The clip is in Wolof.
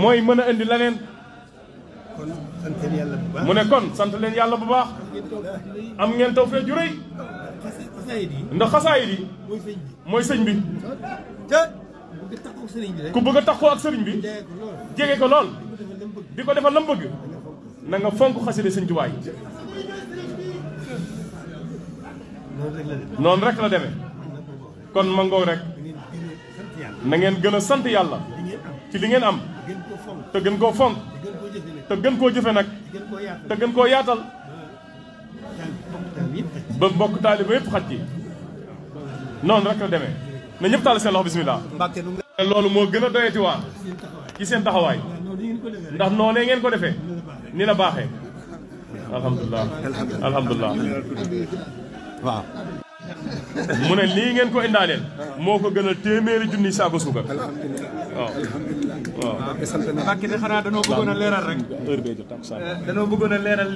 mooy mën a indi leneen. kon sant leen mu ne kon sant leen yàlla bu baax. am ngeen taw fee ju rëy. ndax xasaayid yi. mooy sëñ bi mooy sëñ bi. te ku bëgg a taxoo ak sëriñ bi. jege ko lool. di ko defal la mu bëgg na nga fonk xasida sëñ Tuubaa yi noonu rek la demee kon ma ngoog rek na ngeen gën a sant yàlla ci li ngeen am te gën koo fonk te gën koo jëfe nag te gën koo yaatal ba mbokk taaliba yëpp xaj ci noonu rek la demee na ñëpp taal seen loxo bismillah loolu moo gën a doyati waa ci seen taxawaay ndax noonee ngeen ko defe ni la baaxee alhamdulilah alhamdulilah waaw mu ne lii ngeen ko indaaleel moo ko gënal téeméeri junni saako suukar waaw waaw mbàkke de xanaa danoo bëggoon leeral rek danoo bëggoon a leeral